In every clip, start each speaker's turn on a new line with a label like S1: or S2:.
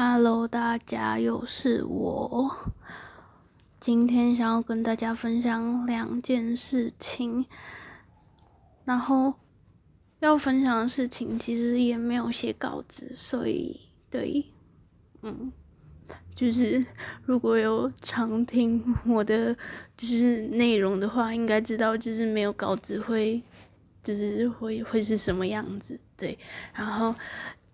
S1: Hello，大家又是我。今天想要跟大家分享兩件事情，然後要分享的事情其實也沒有寫稿子，所以對，嗯，就是如果有常聽我的就是內容的話，應該知道就是沒有稿子會，就是會會是什麼樣子，對，然後。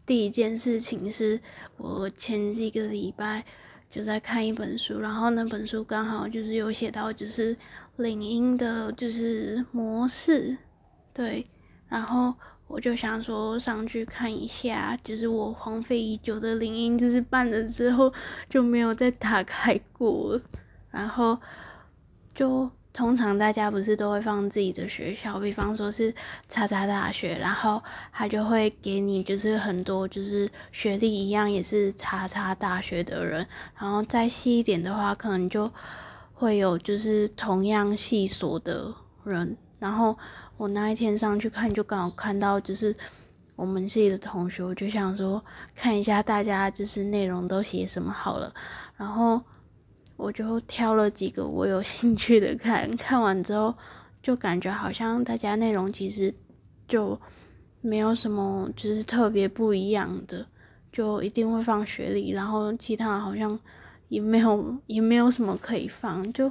S1: 第一件事情是，我前幾個禮拜就在看一本書，然後那本書剛好就是有寫到就是領英的，就是模式，對，然後我就想說上去看一下，就是我荒廢已久的領英就是辦了之後就沒有再打開過，然後就。通常大家不是都會放自己的學校，比方說是叉叉大學，然後他就會給你就是很多就是學歷一樣也是叉叉大學的人，然後再細一點的話，可能就會有就是同樣系所的人。然後我那一天上去看，就剛好看到就是我們系的同學，我就想說看一下大家就是內容都寫什麼好了，然後。我就挑了幾個我有興趣的看，看完之後就感覺好像大家內容其實就沒有什麼，就是特別不一樣的，就一定會放學歷，然後其他好像也沒有也沒有什麼可以放，就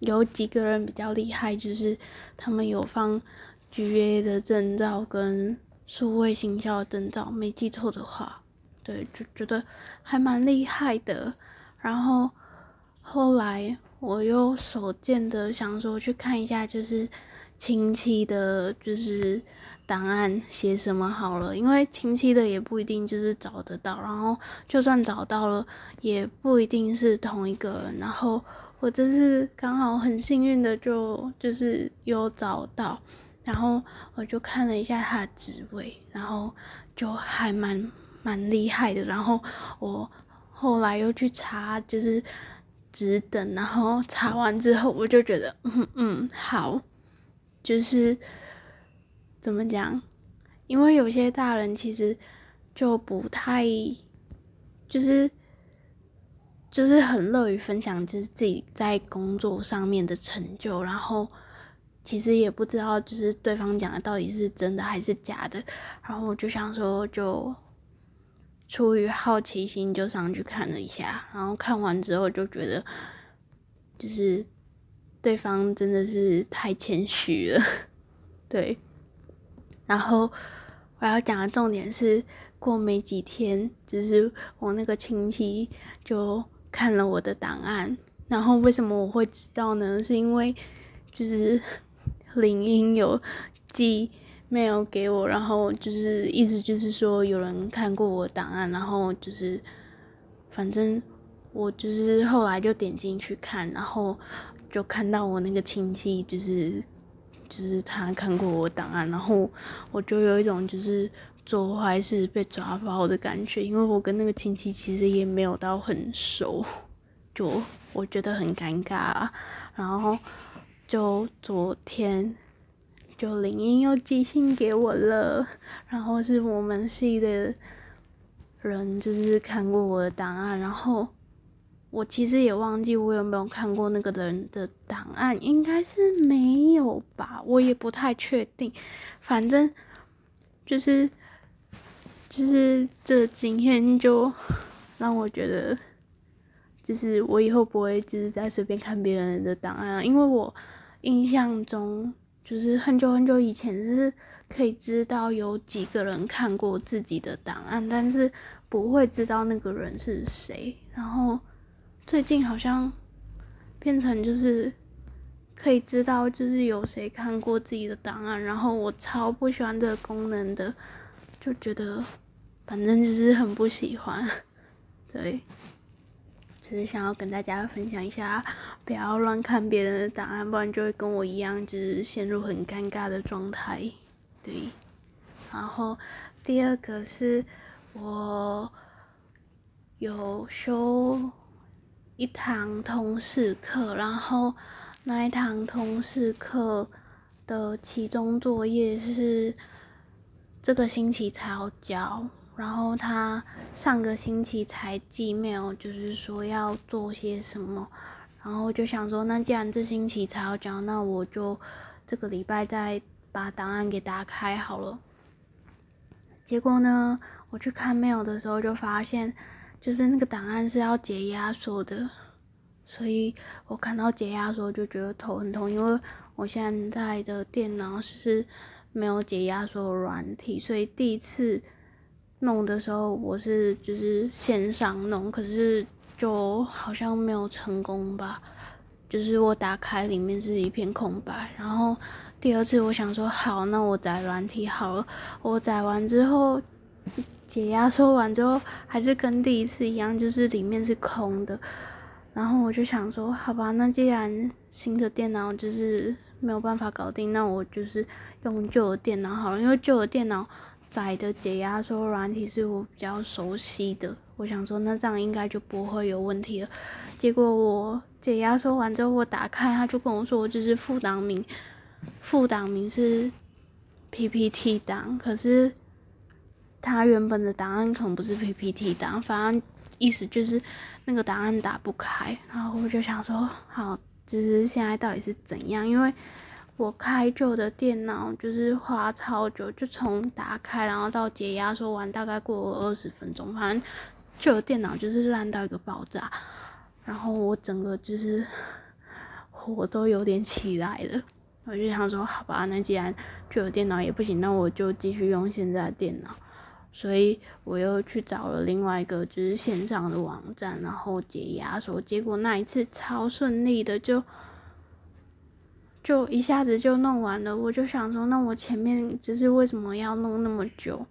S1: 有幾個人比較厲害，就是他們有放 GA 的證照跟數位行銷的證照，沒記錯的話，對，就覺得還蠻厲害的。然後後來我又手賤的想說，去看一下，就是親戚的，就是檔案寫什麼好了，因為親戚的也不一定就是找得到，然後就算找到了，也不一定是同一個人。然後我這次剛好很幸運的就就是有找到，然後我就看了一下他的職位，然後就還蠻蠻厲害的，然後我。後來又去查，就是只等，然後查完之後，我就覺得，嗯嗯，好，就是怎麼講？因為有些大人其實就不太，就是就是很樂於分享，就是自己在工作上面的成就，然後其實也不知道，就是對方講的到底是真的還是假的，然後我就想說就。出於好奇心就上去看了一下，然後看完之後就覺得，就是對方真的是太謙虛了，對。然後我要講的重點是，過沒幾天就是我那個親戚就看了我的檔案，然後為什麼我會知道呢？是因為就是領英有寄，沒有給我，然後就是一直就是說有人看過我檔案，然後就是，反正我就是後來就點進去看，然後就看到我那個親戚就是，就是他看過我檔案，然後我就有一種就是做壞事被抓包的感覺，因為我跟那個親戚其實也沒有到很熟，就我覺得很尷尬啊，然後就昨天。九零一又寄信給我了，然後是我們系的人，就是看過我的檔案，然後我其實也忘記我有沒有看過那個人的檔案，應該是沒有吧，我也不太確定。反正就是就是這今天就讓我覺得，就是我以後不會就是在隨便看別人的檔案，因為我印象中。就是很久很久以前，就是可以知道有幾個人看過自己的檔案，但是不會知道那個人是誰。然後最近好像變成就是可以知道，就是有誰看過自己的檔案。然後我超不喜歡這個功能的，就覺得反正就是很不喜歡，對。只、就是想要跟大家分享一下，不要亂看別人的檔案，不然就會跟我一樣，就是陷入很尷尬的狀態。對。然後第二個是我有修一堂通識課，然後那一堂通識課的期中作業是這個星期才要交。然後他上個星期才寄 mail，就是說要做些什麼，然後就想說，那既然這星期才要講，那我就這個禮拜再把檔案給打開好了。結果呢，我去看 mail 的時候就發現，就是那個檔案是要解壓縮的，所以我看到解壓縮就覺得頭很痛，因為我現在的電腦是沒有解壓縮軟體，所以第一次。弄的時候我是就是線上弄，可是就好像沒有成功吧，就是我打開裡面是一片空白。然後第二次我想說好，那我載軟體好了，我載完之後解壓縮完之後還是跟第一次一樣，就是裡面是空的。然後我就想說好吧，那既然新的電腦就是沒有辦法搞定，那我就是用舊的電腦好了，因為舊的電腦。載的解壓縮軟體是我比較熟悉的，我想說那這樣應該就不會有問題了。結果我解壓縮完之後，我打開他就跟我說，我就是副檔名，副檔名是 P P T 檔，可是他原本的檔案可能不是 P P T 檔，反正意思就是那個檔案打不開。然後我就想說，好，就是現在到底是怎樣？因為我開舊的電腦就是花超久，就從打開然後到解壓縮完大概過二十分鐘，反正舊的電腦就是爛到一個爆炸，然後我整個就是火都有點起來了，我就想說好吧，那既然舊的電腦也不行，那我就繼續用現在電腦，所以我又去找了另外一個就是線上的網站，然後解壓縮，結果那一次超順利的就。就一下子就弄完了，我就想說，那我前面只是為什麼要弄那麼久？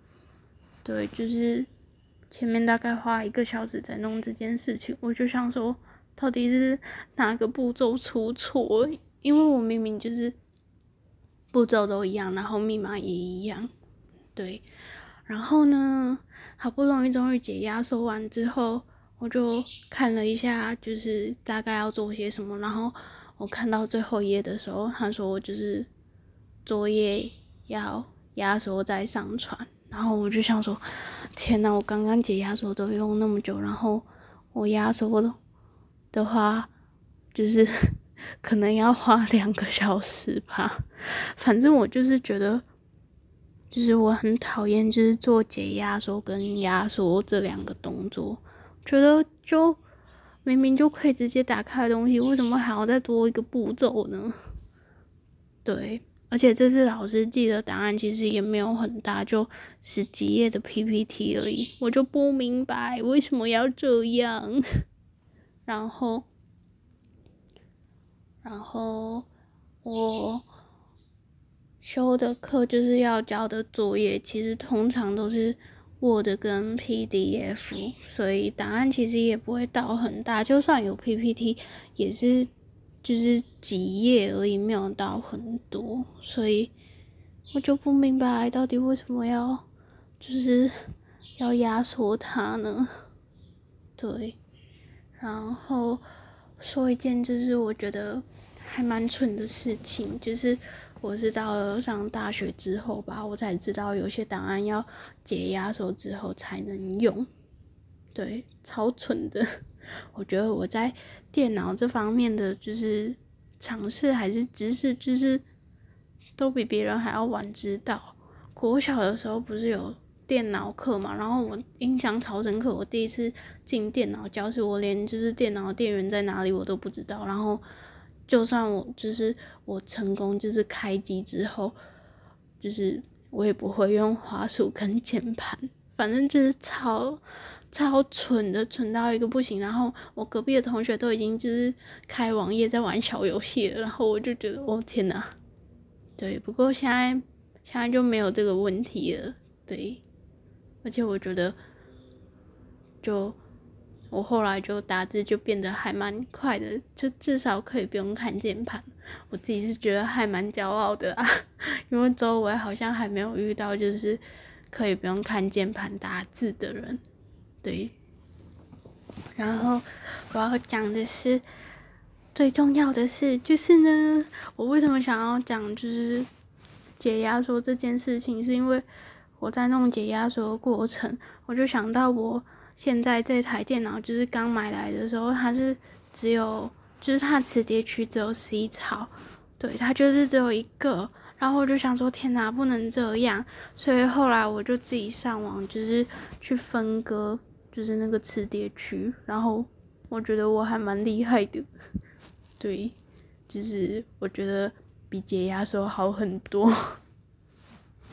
S1: 對，就是前面大概花一個小時在弄這件事情，我就想說，到底是哪個步驟出錯？因為我明明就是步驟都一樣，然後密碼也一樣，對。然後呢，好不容易終於解壓縮完之後，我就看了一下，就是大概要做些什麼，然後。我看到最後一頁的時候，他說我就是作業要壓縮再上傳，然後我就想說，天吶、啊，我剛剛解壓縮都用那麼久，然後我壓縮的話，就是可能要花兩個小時吧。反正我就是覺得，就是我很討厭就是做解壓縮跟壓縮這兩個動作，覺得就。明明就可以直接打開的東西，為什麼還要再多一個步驟呢？對，而且這次老師寄的答案其實也沒有很大，就十幾頁的 PPT 而已，我就不明白為什麼要這樣。 然後，然後我修的課就是要交的作業，其實通常都是。Word 跟 PDF，所以檔案其實也不會到很大，就算有 PPT，也是就是幾頁而已，沒有到很多，所以我就不明白到底為什麼要就是要壓縮它呢？對，然後說一件就是我覺得還蠻蠢的事情，就是。我是到了上大學之後吧，我才知道有些檔案要解壓縮之後才能用。對，超蠢的。我覺得我在電腦這方面的就是嘗試還是知識就是都比別人還要晚知道。國小的時候不是有電腦課嘛，然後我印象超深刻，我第一次進電腦教室，我連就是電腦電源在哪裡我都不知道，然後。就算我就是我成功，就是開機之後，就是我也不會用滑鼠跟鍵盤，反正就是超超蠢的，蠢到一個不行。然後我隔壁的同學都已經就是開網頁在玩小遊戲了，然後我就覺得，哦天哪、啊！對，不過現在現在就沒有這個問題了，對，而且我覺得，就。我後來就打字就變得還蠻快的，就至少可以不用看鍵盤。我自己是覺得還蠻驕傲的啊，因為周圍好像還沒有遇到就是可以不用看鍵盤打字的人，對。然後我要講的是最重要的事，就是呢，我為什麼想要講就是解壓縮這件事情，是因為我在弄解壓縮的過程，我就想到我。現在這台電腦就是剛買來的時候，它是只有，就是它的磁碟區只有 C 槽，對，它就是只有一個。然後我就想說，天哪、啊，不能這樣。所以後來我就自己上網，就是去分割，就是那個磁碟區。然後我覺得我還蠻厲害的，對，就是我覺得比解壓時候好很多。